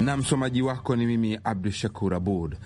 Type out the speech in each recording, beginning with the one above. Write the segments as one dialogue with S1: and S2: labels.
S1: na msomaji wako ni mimi Abdu Shakur Abud.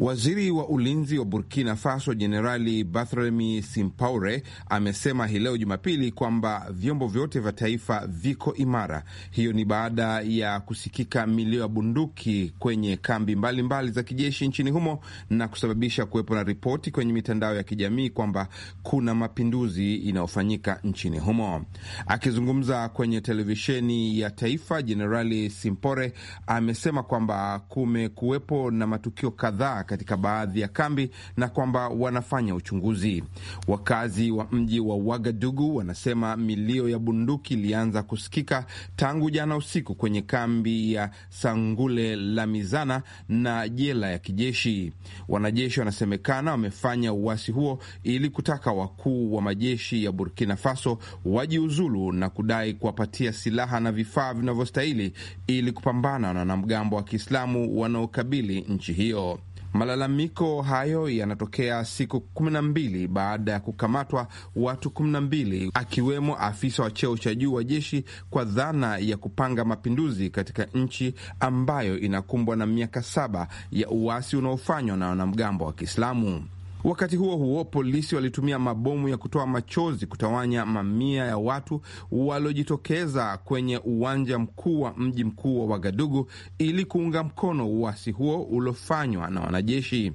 S1: Waziri wa ulinzi wa Burkina Faso Jenerali Barthelemy Simpaure amesema hii leo Jumapili kwamba vyombo vyote vya taifa viko imara. Hiyo ni baada ya kusikika milio ya bunduki kwenye kambi mbalimbali mbali za kijeshi nchini humo na kusababisha kuwepo na ripoti kwenye mitandao ya kijamii kwamba kuna mapinduzi inayofanyika nchini humo. Akizungumza kwenye televisheni ya taifa, Jenerali Simpore amesema kwamba kumekuwepo na matukio kadhaa katika baadhi ya kambi na kwamba wanafanya uchunguzi. Wakazi wa mji wa Wagadugu wanasema milio ya bunduki ilianza kusikika tangu jana usiku kwenye kambi ya Sangule la mizana na jela ya kijeshi. Wanajeshi wanasemekana wamefanya uasi huo ili kutaka wakuu wa majeshi ya Burkina Faso wajiuzulu na kudai kuwapatia silaha na vifaa vinavyostahili ili kupambana na wanamgambo wa Kiislamu wanaokabili nchi hiyo. Malalamiko hayo yanatokea siku kumi na mbili baada ya kukamatwa watu kumi na mbili akiwemo afisa wa cheo cha juu wa jeshi kwa dhana ya kupanga mapinduzi katika nchi ambayo inakumbwa na miaka saba ya uasi unaofanywa na wanamgambo wa Kiislamu. Wakati huo huo, polisi walitumia mabomu ya kutoa machozi kutawanya mamia ya watu waliojitokeza kwenye uwanja mkuu wa mji mkuu wa Wagadugu ili kuunga mkono uasi huo uliofanywa na wanajeshi.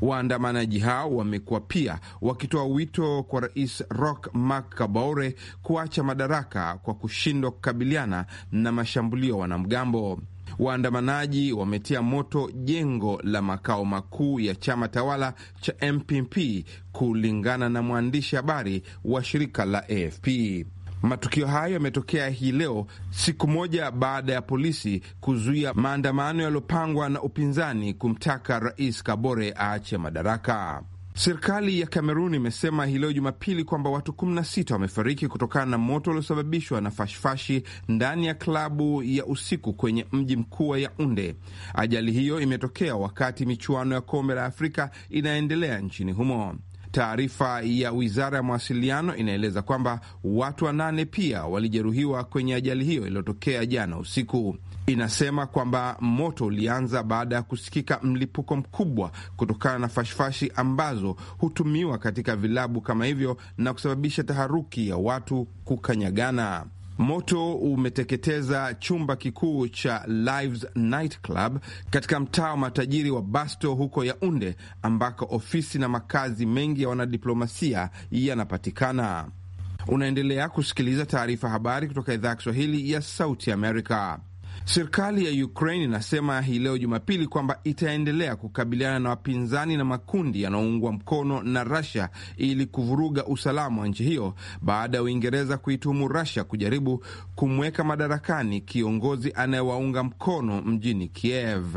S1: Waandamanaji hao wamekuwa pia wakitoa wito kwa Rais Roch Marc Kabore kuacha madaraka kwa kushindwa kukabiliana na mashambulio wanamgambo. Waandamanaji wametia moto jengo la makao makuu ya chama tawala cha MPP, kulingana na mwandishi habari wa shirika la AFP. Matukio hayo yametokea hii leo, siku moja baada ya polisi kuzuia maandamano yaliyopangwa na upinzani kumtaka Rais Kabore aache madaraka. Serikali ya Kamerun imesema hii leo Jumapili kwamba watu 16 wamefariki kutokana na moto uliosababishwa na fashifashi ndani ya klabu ya usiku kwenye mji mkuu wa Yaunde. Ajali hiyo imetokea wakati michuano ya kombe la Afrika inaendelea nchini humo. Taarifa ya wizara ya mawasiliano inaeleza kwamba watu wanane pia walijeruhiwa kwenye ajali hiyo iliyotokea jana usiku inasema kwamba moto ulianza baada ya kusikika mlipuko mkubwa kutokana na fashifashi ambazo hutumiwa katika vilabu kama hivyo na kusababisha taharuki ya watu kukanyagana. Moto umeteketeza chumba kikuu cha Lives Night Club katika mtaa wa matajiri wa Basto huko Yaunde, ambako ofisi na makazi mengi ya wanadiplomasia yanapatikana. Unaendelea kusikiliza taarifa habari kutoka idhaa ya Kiswahili ya Sauti Amerika. Serikali ya Ukraine inasema hii leo Jumapili kwamba itaendelea kukabiliana na wapinzani na makundi yanayoungwa mkono na Russia ili kuvuruga usalama wa nchi hiyo baada ya Uingereza kuitumu Russia kujaribu kumweka madarakani kiongozi anayewaunga mkono mjini Kiev.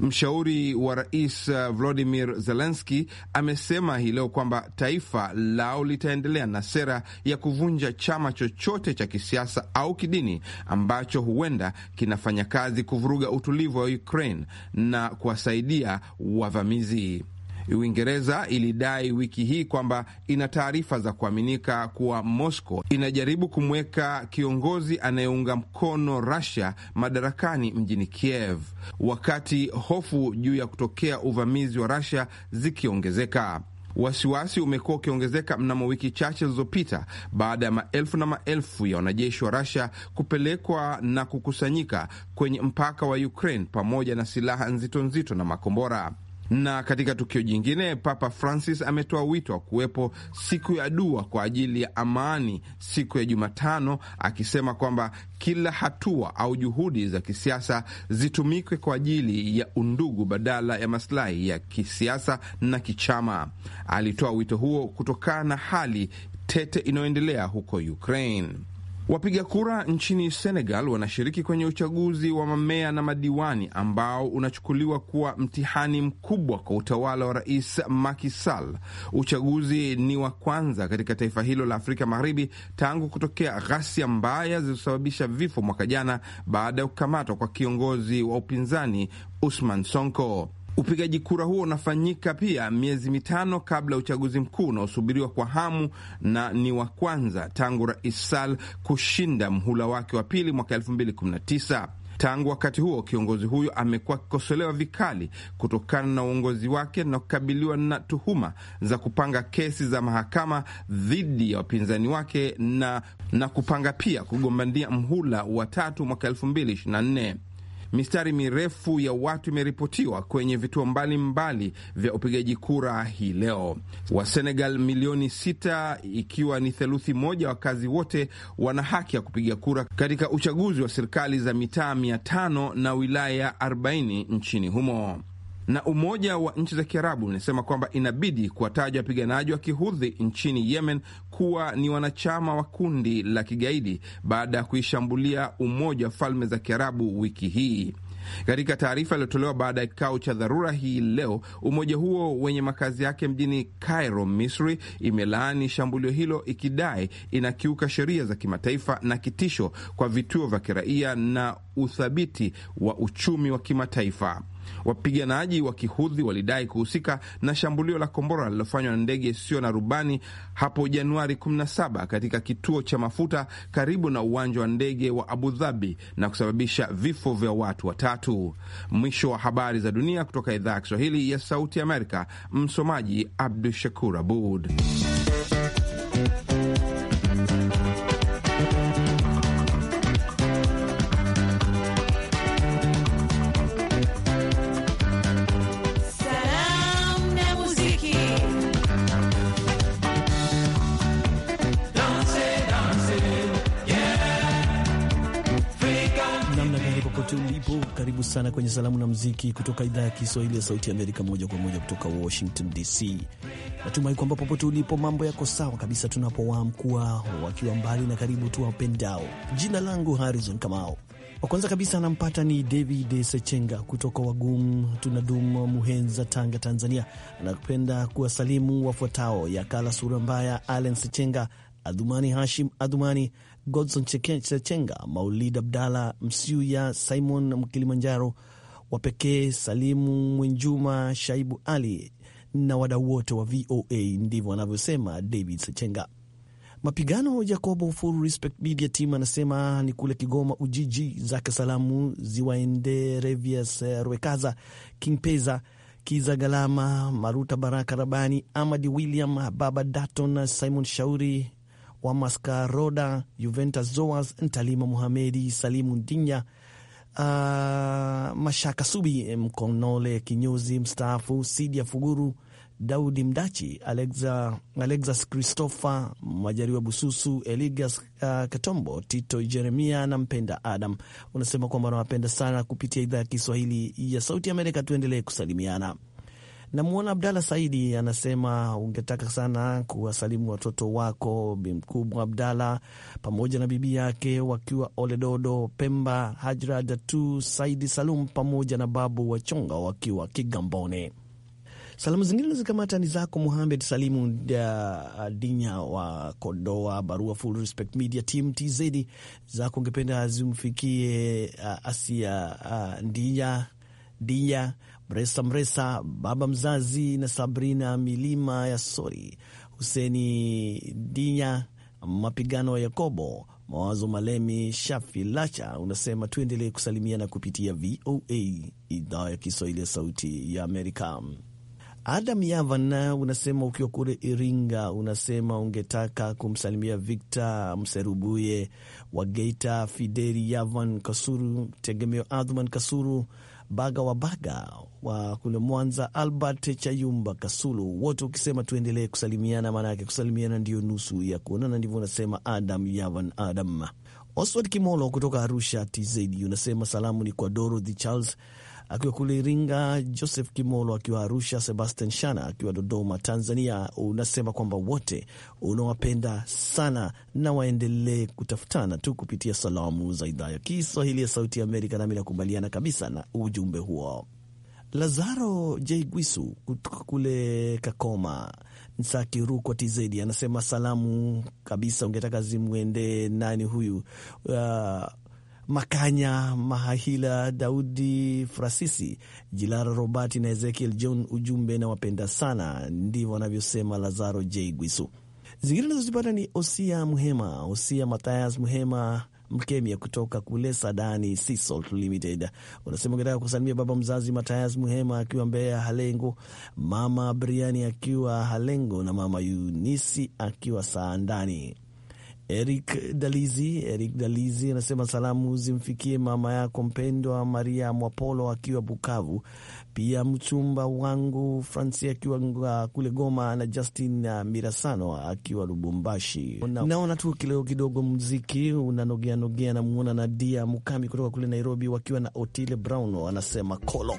S1: Mshauri wa rais uh, Volodymyr zelenski amesema hii leo kwamba taifa lao litaendelea na sera ya kuvunja chama chochote cha kisiasa au kidini ambacho huenda kinafanya kazi kuvuruga utulivu wa Ukraine na kuwasaidia wavamizi. Uingereza ilidai wiki hii kwamba ina taarifa za kuaminika kuwa Moscow inajaribu kumweka kiongozi anayeunga mkono Russia madarakani mjini Kiev, wakati hofu juu ya kutokea uvamizi wa Russia zikiongezeka. Wasiwasi umekuwa ukiongezeka mnamo wiki chache zilizopita baada ya maelfu na maelfu ya wanajeshi wa Russia kupelekwa na kukusanyika kwenye mpaka wa Ukraine pamoja na silaha nzito nzito na makombora. Na katika tukio jingine, Papa Francis ametoa wito wa kuwepo siku ya dua kwa ajili ya amani siku ya Jumatano, akisema kwamba kila hatua au juhudi za kisiasa zitumikwe kwa ajili ya undugu badala ya masilahi ya kisiasa na kichama. Alitoa wito huo kutokana na hali tete inayoendelea huko Ukraine. Wapiga kura nchini Senegal wanashiriki kwenye uchaguzi wa mamea na madiwani ambao unachukuliwa kuwa mtihani mkubwa kwa utawala wa Rais Macky Sall. Uchaguzi ni wa kwanza katika taifa hilo la Afrika Magharibi tangu kutokea ghasia mbaya zilizosababisha vifo mwaka jana baada ya kukamatwa kwa kiongozi wa upinzani Usman Sonko. Upigaji kura huo unafanyika pia miezi mitano kabla ya uchaguzi mkuu unaosubiriwa kwa hamu na ni wa kwanza tangu Rais sal kushinda mhula wake wa pili mwaka 2019. Tangu wakati huo kiongozi huyo amekuwa akikosolewa vikali kutokana na uongozi wake na kukabiliwa na tuhuma za kupanga kesi za mahakama dhidi ya wapinzani wake na, na kupanga pia kugombania mhula wa tatu mwaka 2024. Mistari mirefu ya watu imeripotiwa kwenye vituo mbalimbali vya upigaji kura hii leo. Wasenegal milioni sita, ikiwa ni theluthi moja wakazi wote, wana haki ya kupiga kura katika uchaguzi wa serikali za mitaa mia tano na wilaya 40 nchini humo na Umoja wa Nchi za Kiarabu unasema kwamba inabidi kuwataja wapiganaji wa kihudhi nchini Yemen kuwa ni wanachama wa kundi la kigaidi baada ya kuishambulia Umoja wa Falme za Kiarabu wiki hii. Katika taarifa iliyotolewa baada ya kikao cha dharura hii leo, umoja huo wenye makazi yake mjini Cairo, Misri, imelaani shambulio hilo ikidai inakiuka sheria za kimataifa na kitisho kwa vituo vya kiraia na uthabiti wa uchumi wa kimataifa. Wapiganaji wa kihudhi walidai kuhusika na shambulio la kombora lililofanywa na ndege isiyo na rubani hapo Januari 17 katika kituo cha mafuta karibu na uwanja wa ndege wa Abu Dhabi na kusababisha vifo vya watu watatu. Mwisho wa habari za dunia kutoka idhaa ya Kiswahili ya Sauti Amerika. Msomaji Abdu Shakur Abud.
S2: sana kwenye salamu na mziki kutoka idhaa ya Kiswahili ya Sauti ya Amerika, moja kwa moja kutoka Washington DC. Natumai kwamba popote ulipo mambo yako sawa kabisa, tunapowaamkua wakiwa mbali na karibu, tuwapendao. Jina langu Harrison Kamao. Wa kwanza kabisa anampata ni David Sechenga kutoka Wagum tunadum Muhenza, Tanga, Tanzania. Anapenda kuwasalimu wafuatao: Yakala Sura Mbaya, Allen Sechenga, Adhumani Hashim Adhumani, Godson Chechenga, Maulid Abdala Msiuya, Simon Mkilimanjaro, wapekee Salimu Mwenjuma, Shaibu Ali na wadau wote wa VOA. Ndivyo anavyosema David Sechenga. Mapigano Jacobo Full Respect Media Team anasema ni kule Kigoma Ujiji, zake salamu ziwaende Revias Rwekaza, King Peza, Kiza Galama, Maruta Baraka Rabani, Amadi William, Baba Daton, Simon Shauri, wa Mascaroda, Juventus Zoas, Ntalima Muhamedi, Salimu Ndinya, uh, Mashaka Subi, Mkonole kinyozi mstaafu, Sidia Fuguru, Daudi Mdachi, Alexa, Alexas Christopher Majariwa, Bususu Eligas, uh, Katombo, Tito Jeremia na Mpenda Adam. Unasema kwamba unawapenda sana kupitia idhaa ya Kiswahili ya Sauti Amerika. Tuendelee kusalimiana. Namwona Abdalla Saidi anasema ungetaka sana kuwasalimu watoto wako bimkubwa Mkubwa Abdalla pamoja na bibi yake wakiwa Oledodo, Pemba, Hajra Datu Saidi Salum pamoja na babu Wachonga wakiwa Kigamboni. Salamu zingine zikamata ni zako Muhamed Salimu Dinya wa Kondoa, barua Full Respect Media Team TZ. Zako ungependa zimfikie Asia Ndinya Dia Mresa Mresa, baba mzazi na Sabrina Milima ya Sori, Huseni Dinya, Mapigano ya Yakobo, Mawazo Malemi, Shafi Lacha. Unasema tuendelee kusalimiana kupitia VOA idhaa ya Kiswahili ya Sauti ya Amerika. Adam Yavan unasema ukiwa kule Iringa, unasema ungetaka kumsalimia Victor Mserubuye wa Geita, Fideli Yavan Kasuru, Tegemeo Adhman Kasuru, Baga wa Baga wa kule Mwanza, Albert Chayumba Kasulu, wote ukisema tuendelee kusalimiana, yake kusalimiana ndiyo nusu ya kuonana, ndivyo unasema Adam Yavan Adam. Oswald Kimolo kutoka Arusha TZ unasema salamu ni kwa Dorothy Charles akiwa kule Iringa, Joseph Kimolo akiwa Arusha, Sebastian Shana akiwa Dodoma, Tanzania, unasema kwamba wote unawapenda sana na waendelee kutafutana tu kupitia salamu za idhaa ya Kiswahili ya Sauti ya Amerika. Nami nakubaliana kabisa na ujumbe huo. Lazaro J Gwisu kutoka kule Kakoma Nsaki Rukwa Tizedi anasema salamu kabisa ungetaka zimwende nani huyu, uh, Makanya Mahahila, Daudi Frasisi, Jilara Robati na Ezekiel John. Ujumbe na wapenda sana, ndivyo wanavyosema Lazaro J Gwisu. Zingine nazozipata ni Osia Mhema, Osia Mathias Mhema Mkemia kutoka kule Sadani Sea Salt Limited, unasema ukitaka kusalimia baba mzazi Matayas Muhema akiwa Mbeya Halengo, mama Briani akiwa Halengo na mama Yunisi akiwa Saandani. Eric Dalizi. Eric Dalizi anasema salamu zimfikie mama yako mpendwa Maria Mwapolo akiwa Bukavu, pia mchumba wangu Franci akiwa kule Goma na Justin Mirasano akiwa Lubumbashi. Naona tu kileo kidogo mziki unanogea nogea, namuona Nadia Mukami kutoka kule Nairobi wakiwa na Otile Brown, anasema kolo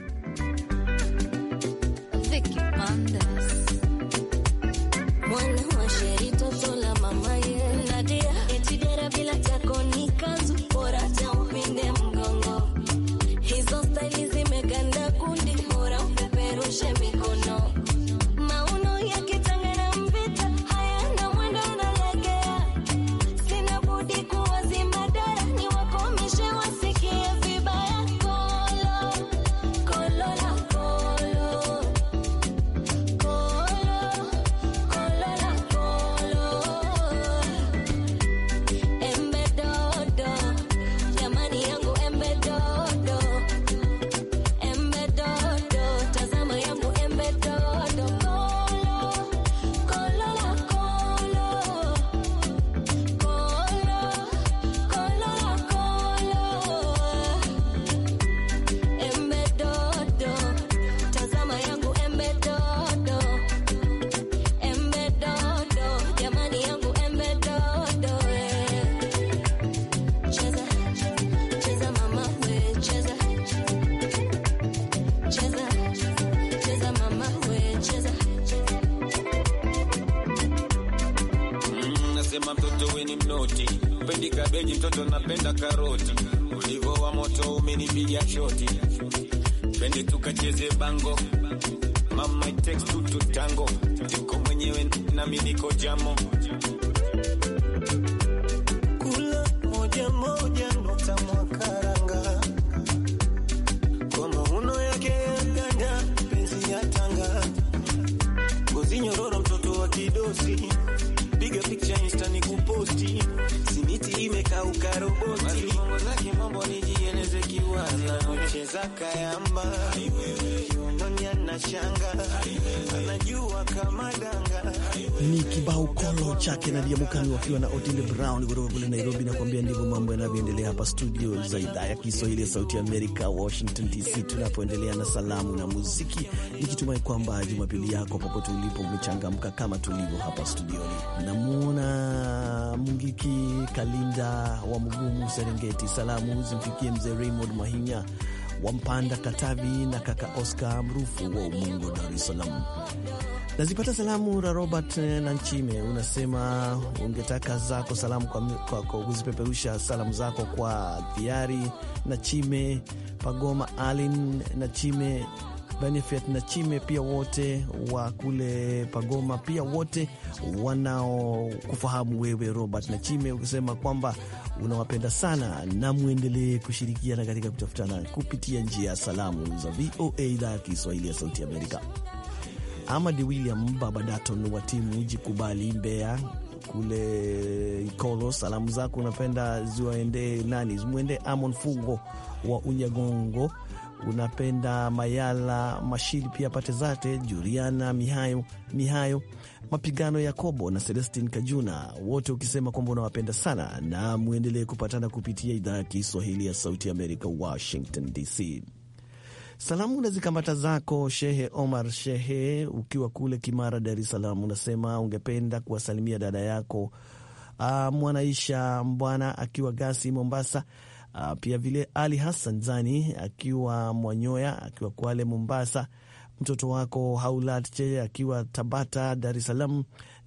S3: Kayamba
S2: Ni kibao kolo chake Nadia Mukami wakiwa na Otile Brown kutoka kule Nairobi. Nakwambia ndivyo mambo yanavyoendelea hapa studio za idhaa ya Kiswahili ya Sauti ya Amerika, Washington DC, tunapoendelea na salamu na muziki, nikitumai kwamba Jumapili yako popote ulipo umechangamka kama tulivyo hapa studioni. Namwona mngiki Kalinda wa Mgumu Serengeti, salamu zimfikie mzee Raymond Mahinya wa Mpanda Katavi na kaka Oscar Mrufu wa Umungo, Dar es Salaam. Nazipata salamu la Robert Nanchime, unasema ungetaka zako salamu kwa kuzipeperusha salamu zako kwa Thiari na Chime Pagoma, Alin na Chime Benefit na Chime, pia wote wa kule Pagoma, pia wote wanaokufahamu wewe Robert na Chime, ukisema kwamba unawapenda sana na mwendelee kushirikiana katika kutafutana kupitia njia ya salamu za VOA idhaa ya Kiswahili ya Sauti Amerika. Amadi William Baba Daton wa timu Jikubali Mbeya kule Ikolo, salamu zako unapenda ziwaendee nani? Zimwendee Amon Fungo wa Unyagongo unapenda Mayala Mashili, pia pate zate Juliana Mihayo, Mihayo Mapigano, Yakobo na Celestin Kajuna, wote ukisema kwamba unawapenda sana, na mwendelee kupatana kupitia idhaa ya Kiswahili ya Sauti Amerika, Washington DC. Salamu na zikamata zako Shehe Omar Shehe, ukiwa kule Kimara, Dar es Salaam, unasema ungependa kuwasalimia dada yako uh, Mwanaisha Mbwana akiwa Gasi, Mombasa Uh, pia vile Ali Hassan Zani akiwa Mwanyoya, akiwa Kwale Mombasa, mtoto wako Haulat Cheye akiwa Tabata Dar es Salaam,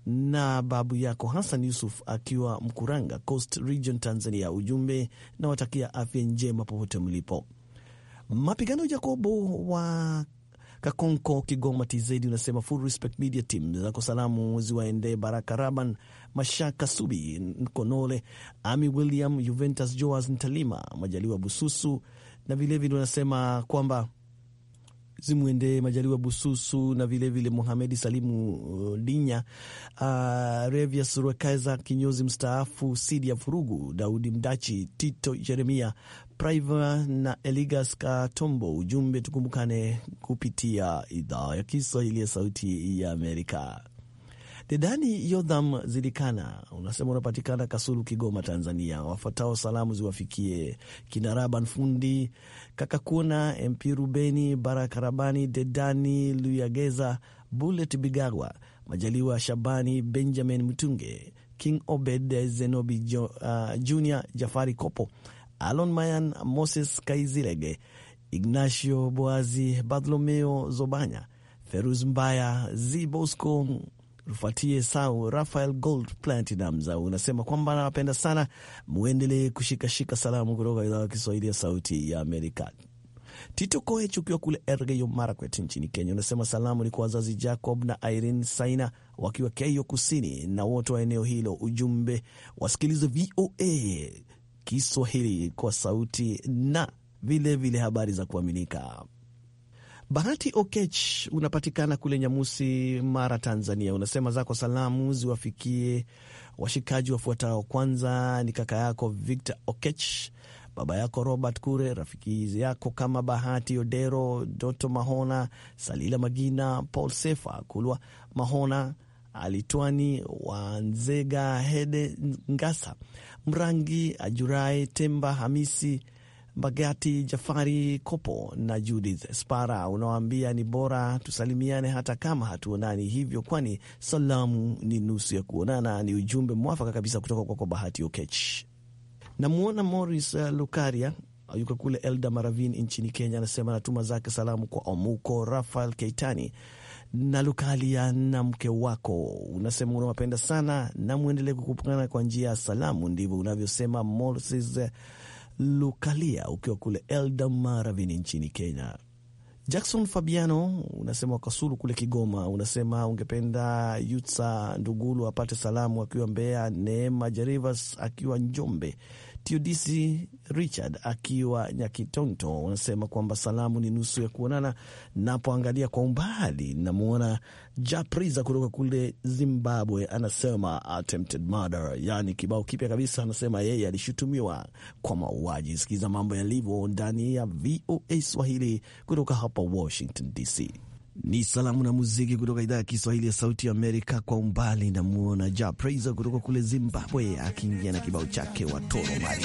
S2: na babu yako Hassan Yusuf akiwa Mkuranga Coast Region Tanzania. Ujumbe na watakia afya njema popote mlipo. Mapigano Jakobo wa Kakonko Kigoma TZ unasema full respect media team zako salamu ziwaendee Baraka Raban, Mashaka Subi, Nkonole, Ami William, Juventus Joas, Ntalima Majaliwa Bususu, na vilevile unasema kwamba zimwendee Majaliwa Bususu na vilevile Muhamedi Salimu uh, Dinya, uh, Revius Rwekaza kinyozi mstaafu, Sidi ya Furugu, Daudi Mdachi, Tito Jeremia, Priva na Eligas Katombo. Ujumbe tukumbukane kupitia idhaa ya Kiswahili ya Sauti ya Amerika. Dedani Yodham Zilikana unasema unapatikana Kasulu, Kigoma, Tanzania. Wafuatao salamu ziwafikie Kinaraban Fundi Kakakuna, MP Rubeni Barakarabani, Dedani Luyageza, Bullet Bigagwa, Majaliwa Shabani, Benjamin Mtunge, King Obed Zenobi uh, Junior, Jafari Kopo Alon Mayan, Moses Kaizilege, Ignacio Boazi, Bartholomeo Zobanya, Feruz Mbaya, Z Bosco Rufatie Sau, Rafael Gold Platinumz unasema kwamba anawapenda sana, mwendelee kushikashika salamu kutoka idhaa ya Kiswahili ya Sauti ya Amerika. Tito Koech ukiwa kule Ergeyo Marakwet nchini Kenya unasema salamu ni kwa wazazi Jacob na Irene Saina wakiwa Keyo Kusini na wote wa eneo hilo. Ujumbe wasikilize VOA Kiswahili kwa sauti na vilevile vile habari za kuaminika. bahati Okech, unapatikana kule Nyamusi, Mara, Tanzania. Unasema zako salamu ziwafikie washikaji wafuatao. Kwanza ni kaka yako Victor Okech, baba yako Robert Kure, rafiki yako kama Bahati Odero, Doto Mahona, Salila Magina, Paul Sefa Kulwa Mahona, Alitwani wa Nzega, Hede Ngasa, Mrangi Ajurai, Temba Hamisi, Bagati Jafari Kopo na Judith Spara. Unawaambia ni bora tusalimiane hata kama hatuonani hivyo, kwani salamu ni nusu ya kuonana. Ni ujumbe mwafaka kabisa kutoka kwako Bahati Okech. Namwona moris uh, Lukaria yuko kule Elda maravin nchini Kenya, anasema anatuma zake salamu kwa Omuko Rafael Keitani na lukalia na mke wako unasema unawapenda sana na mwendelee kukupana kwa njia ya salamu. Ndivyo unavyosema Moses Lukalia ukiwa kule Eldama Ravini nchini Kenya. Jackson Fabiano unasema wakasulu kule Kigoma, unasema ungependa Yutsa Ndugulu apate salamu akiwa Mbeya, Neema Jerivas akiwa Njombe, Tudisi Richard akiwa Nyakitonto wanasema kwamba salamu ni nusu ya kuonana. Napoangalia kwa umbali, namwona Japriza kutoka kule Zimbabwe, anasema attempted murder, yaani kibao kipya kabisa. Anasema yeye alishutumiwa kwa mauaji. Sikiza mambo yalivyo ndani ya VOA Swahili kutoka hapa Washington DC. Ni salamu na muziki kutoka idhaa ya Kiswahili ya Sauti ya Amerika. Kwa umbali namuona Ja Praise kutoka kule Zimbabwe akiingia na kibao chake Watoro Mari.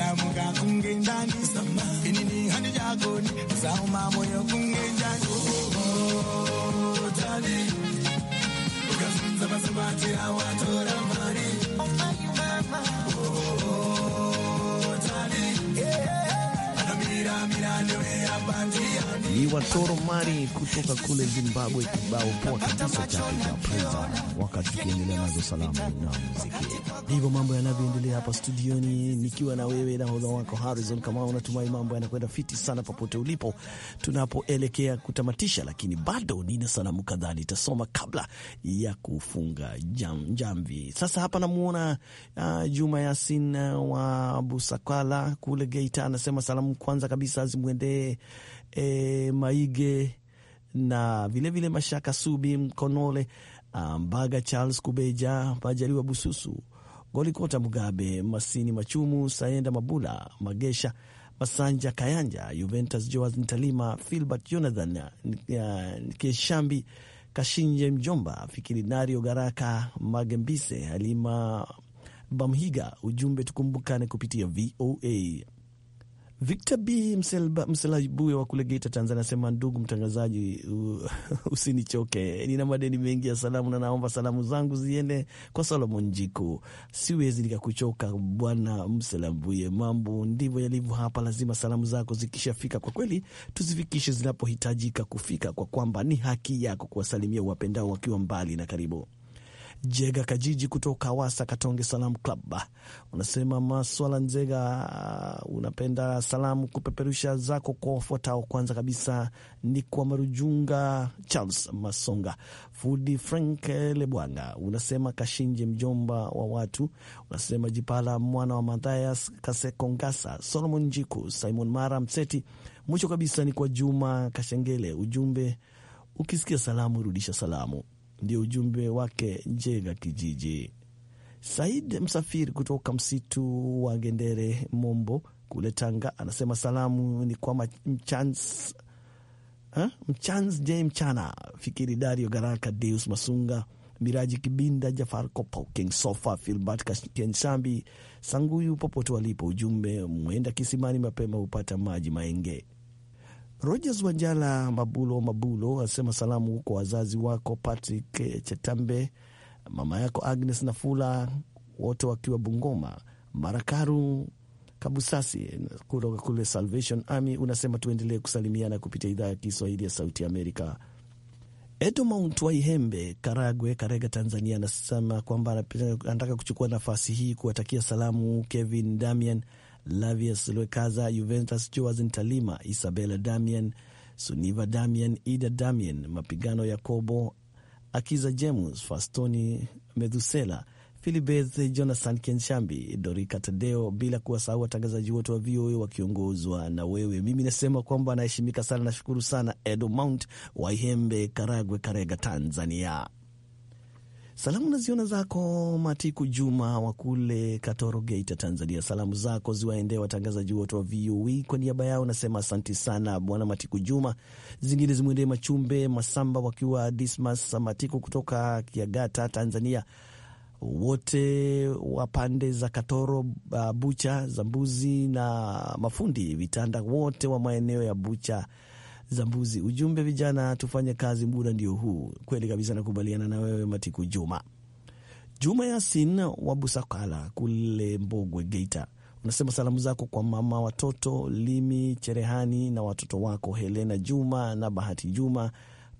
S2: damu ga kungin dani sama ini ni hani jago ni za ma dani zama oh, zama ti
S3: hawa to ramani oh tani yeah. mira mira
S2: ni watoro mari kutoka kule Zimbabwe, kibao poa kabisa chake cha Preza, wakati tukiendelea nazo salamu na muziki. Ndivyo mambo yanavyoendelea hapa studioni, nikiwa na wewe na hodha wako Harizon kama unatumai mambo yanakwenda fiti sana popote ulipo, tunapoelekea kutamatisha, lakini bado nina salamu kadhaa nitasoma kabla ya kufunga jam, jamvi. Sasa hapa namwona uh, ah, Juma Yasin ah, wa Busakala kule Geita, anasema salamu kwanza kabisa zimwendee e, Maige na vilevile vile Mashaka Subi, Mkonole Mbaga, Charles Kubeja, Majaliwa Bususu, Golikota Mugabe, Masini Machumu, Saenda Mabula, Magesha Masanja Kayanja, Juventus Joas Ntalima, Filbert Jonathan Keshambi, Kashinje Mjomba, Fikiri Dario Garaka, Magembise, Halima Bamhiga. Ujumbe, tukumbukane kupitia VOA. Victor B mselabue wa kule Geita, Tanzania anasema ndugu mtangazaji, usinichoke, nina madeni mengi ya salamu na naomba salamu zangu ziende kwa Solomon jiku Siwezi nikakuchoka bwana Mselabuye, mambo ndivyo yalivyo hapa. Lazima salamu zako zikishafika, kwa kweli tuzifikishe zinapohitajika kufika, kwa kwamba ni haki yako kuwasalimia uwapendao wakiwa mbali na karibu. Jega Kajiji kutoka Wasa Katonge Salamu Club unasema Maswala Nzega, uh, unapenda salamu kupeperusha zako kwa wafuatao. Kwanza kabisa ni kwa Marujunga Charles Masonga, Fudi Frank Lebwanga, unasema Kashinje mjomba wa watu, unasema Jipala mwana wa Mathayas Kasekongasa, Solomon Njiku, Simon Mara Mseti. Mwisho kabisa ni kwa Juma Kashengele, ujumbe ukisikia salamu rudisha salamu ndio ujumbe wake nje vya kijiji. Said Msafiri kutoka msitu wa Gendere Mombo kule Tanga anasema salamu ni kwa Mchans eh, Mchans J Mchana Fikiri Dario Garaka Deus Masunga Miraji Kibinda Jafar Kopa King Sofa Filbert Kensambi Sanguyu popote walipo. Ujumbe mwenda kisimani mapema hupata maji maenge. Rogers Wanjala Mabulo Mabulo asema salamu kwa wazazi wako Patrick Chetambe, mama yako Agnes Nafula, wote wakiwa Bungoma, Marakaru Kabusasi kutoka kule Salvation Army. Unasema tuendelee kusalimiana kupitia idhaa ya Kiswahili ya Sauti Amerika. Edo Mount Waihembe, Karagwe, Karega, Tanzania, anasema kwamba anataka kuchukua nafasi hii kuwatakia salamu Kevin Damian Lavius Lwekaza, Juventus Joas Ntalima, Isabella Damien, Suniva Damien, Ida Damien, Mapigano Yakobo, Akiza James, Fastoni Methusela, Filibeth Jonathan Kenshambi, Dorika Tadeo, bila kuwasahau watangazaji wote wa VOA wakiongozwa na wewe. Mimi nasema kwamba anaheshimika sana, nashukuru sana Edo Mount Waihembe, Karagwe, Karega, Tanzania. Salamu naziona zako Matiku Juma wa kule Katoro, Geita, Tanzania. Salamu zako ziwaendee watangazaji wote wa VOA. E. Kwa niaba yao nasema asanti sana Bwana Matiku Juma. Zingine zimwendee Machumbe Masamba wakiwa Dismas Matiku kutoka Kiagata, Tanzania, wote wa pande za Katoro, uh, Bucha, Zambuzi na mafundi vitanda wote wa maeneo ya Bucha za mbuzi. Ujumbe vijana, tufanye kazi, muda ndio huu. Kweli kabisa, nakubaliana na wewe Matiku Juma. Juma Yasin wa Busakala kule Mbogwe, Geita, unasema salamu zako kwa mama watoto Limi Cherehani na watoto wako Helena Juma na Bahati Juma.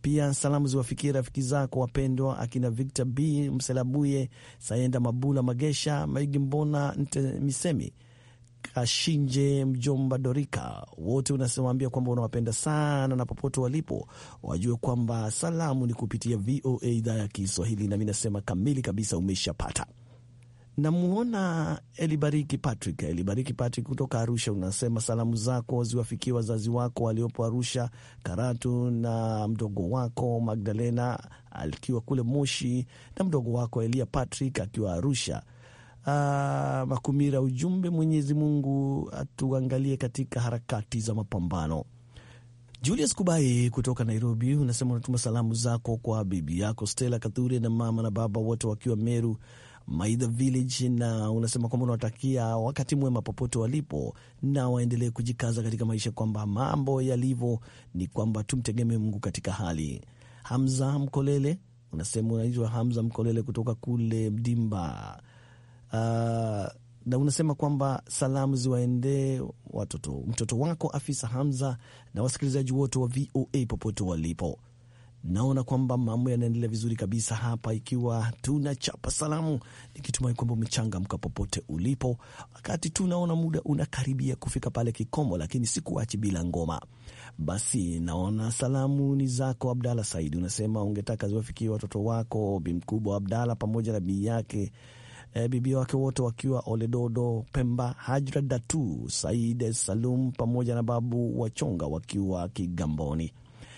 S2: Pia salamu ziwafikie rafiki zako wapendwa akina Victor B Mselabuye, Sayenda Mabula Magesha, Maigi Mbona Nte Misemi Kashinje, mjomba Dorika, wote unawaambia kwamba unawapenda sana, na popote walipo wajue kwamba salamu ni kupitia VOA idhaa ya Kiswahili, nami nasema kamili kabisa umeshapata. Namwona Elibariki Patrick. Elibariki Patrick kutoka Arusha, unasema salamu zako ziwafikie wazazi wako waliopo Arusha, Karatu, na mdogo wako Magdalena akiwa kule Moshi, na mdogo wako Elia Patrick akiwa Arusha uh, ah, Makumira ujumbe, Mwenyezi Mungu atuangalie katika harakati za mapambano. Julius Kubai kutoka Nairobi unasema unatuma salamu zako kwa bibi yako Stella Kathure na mama na baba wote wakiwa Meru Maidha Village, na unasema kwamba unawatakia wakati mwema popote walipo, na waendelee kujikaza katika maisha, kwamba mambo yalivyo ni kwamba tumtegemee Mungu katika hali. Hamza Mkolele unasema unaitwa Hamza Mkolele kutoka kule Mdimba uh, na unasema kwamba salamu ziwaendee watoto mtoto wako afisa Hamza na wasikilizaji wote wa VOA popote walipo. Naona kwamba mambo yanaendelea vizuri kabisa hapa, ikiwa tunachapa salamu, nikitumai kwamba umechangamka popote ulipo. Wakati tu naona muda unakaribia kufika pale kikomo, lakini sikuachi bila ngoma. Basi naona salamu ni zako Abdala Saidi, unasema ungetaka ziwafikie watoto wako bi mkubwa Abdala pamoja na bii yake e, bibi wake wote wakiwa Oledodo Pemba, Hajra Datu Saide Salum pamoja na Babu Wachonga wakiwa Kigamboni.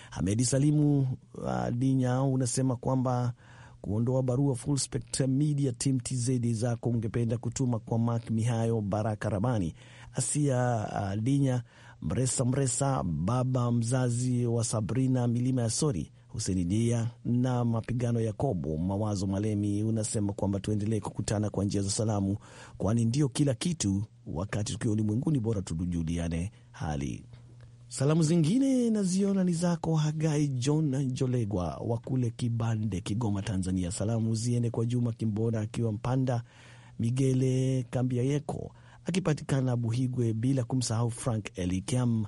S2: Hamedi Salimu uh, Dinya unasema kwamba kuondoa barua Full Spectrum Media Team TZ zako ungependa kutuma kwa Mak Mihayo, Baraka Rabani, Asia uh, Dinya Mresa Mresa, baba mzazi wa Sabrina Milima ya Sori, Huseni Dia na Mapigano Yakobo Mawazo Malemi unasema kwamba tuendelee kukutana kwa njia za salamu, kwani ndio kila kitu, wakati tukiwa ulimwenguni, bora tujuliane hali. Salamu zingine naziona ni zako Hagai John Jolegwa wa kule Kibande, Kigoma, Tanzania. Salamu ziende kwa Juma Kimbona akiwa Mpanda, Migele yeko akipatikana Buhigwe, bila kumsahau Frank Elikiam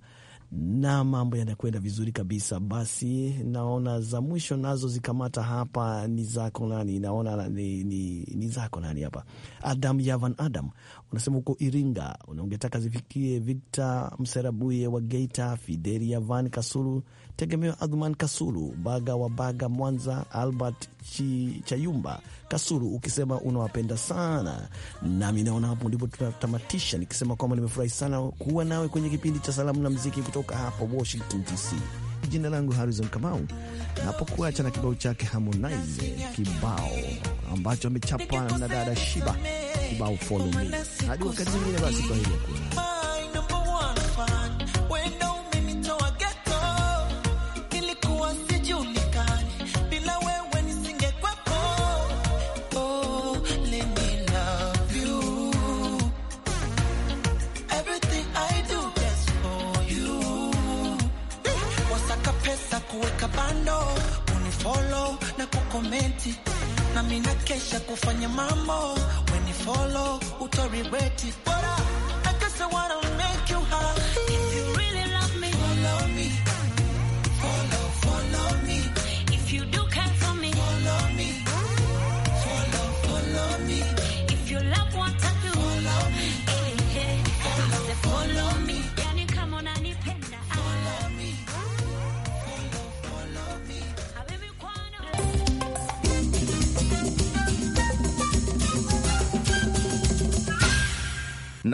S2: na mambo yanakwenda vizuri kabisa. Basi naona za mwisho nazo zikamata hapa, ni zako nani? Naona ni, ni, ni zako nani hapa? Adam Yavan Adam, unasema huko Iringa, unangetaka zifikie Victor Mserabuye wa Geita, Fideri Yavan Kasulu Tegemeo Adhman Kasulu Baga wa Baga Mwanza, Albert Chayumba Kasulu, ukisema unawapenda sana. Nami naona hapo ndipo tunatamatisha nikisema kwamba nimefurahi sana kuwa nawe kwenye kipindi cha salamu na mziki kutoka hapa Washington DC. Jina langu Harrison Kamau, napokuacha na kibao chake Harmonize, kibao ambacho amechapa na dada Shiba, kibao follow me. Hadi wakati mwingine, basi kwa hili komenti, mina kesha kufanya mambo, you follow utoribeti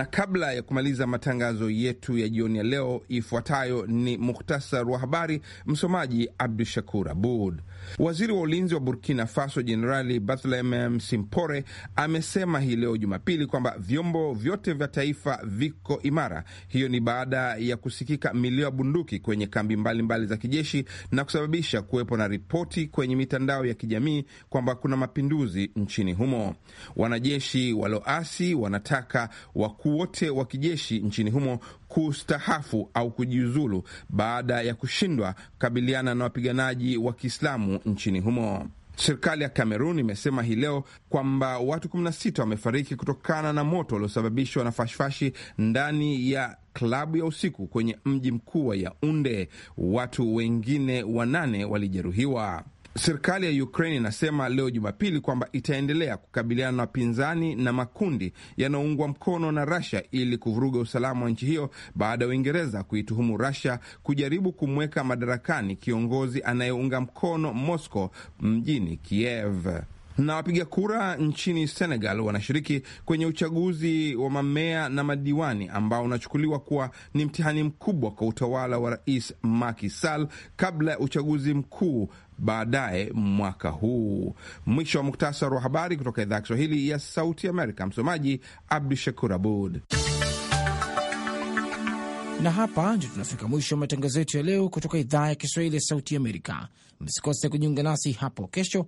S1: Na kabla ya kumaliza matangazo yetu ya jioni ya leo, ifuatayo ni muhtasar wa habari. Msomaji Abdu Shakur Abud. Waziri wa ulinzi wa Burkina Faso Jenerali Bathlem Simpore amesema hii leo Jumapili kwamba vyombo vyote vya taifa viko imara. Hiyo ni baada ya kusikika milio ya bunduki kwenye kambi mbalimbali mbali za kijeshi na kusababisha kuwepo na ripoti kwenye mitandao ya kijamii kwamba kuna mapinduzi nchini humo. Wanajeshi walioasi wanataka wakuu wote wa kijeshi nchini humo kustahafu au kujiuzulu baada ya kushindwa kukabiliana na wapiganaji wa Kiislamu nchini humo. Serikali ya Kamerun imesema hii leo kwamba watu 16 wamefariki kutokana na moto uliosababishwa na fashifashi ndani ya klabu ya usiku kwenye mji mkuu wa Yaunde. Watu wengine wanane walijeruhiwa. Serikali ya Ukraine inasema leo Jumapili kwamba itaendelea kukabiliana na wapinzani na makundi yanayoungwa mkono na Russia ili kuvuruga usalama wa nchi hiyo baada ya Uingereza kuituhumu Russia kujaribu kumweka madarakani kiongozi anayeunga mkono Moscow mjini Kiev. Na wapiga kura nchini Senegal wanashiriki kwenye uchaguzi wa mamea na madiwani ambao unachukuliwa kuwa ni mtihani mkubwa kwa utawala wa Rais Macky Sall kabla ya uchaguzi mkuu baadaye mwaka huu. Mwisho wa muktasari wa habari kutoka idhaa ya Kiswahili ya Sauti Amerika. Msomaji Abdu Shakur Abud.
S4: Na hapa ndio tunafika mwisho wa matangazo yetu ya leo kutoka idhaa ya Kiswahili ya Sauti Amerika. Msikose kujiunga nasi hapo kesho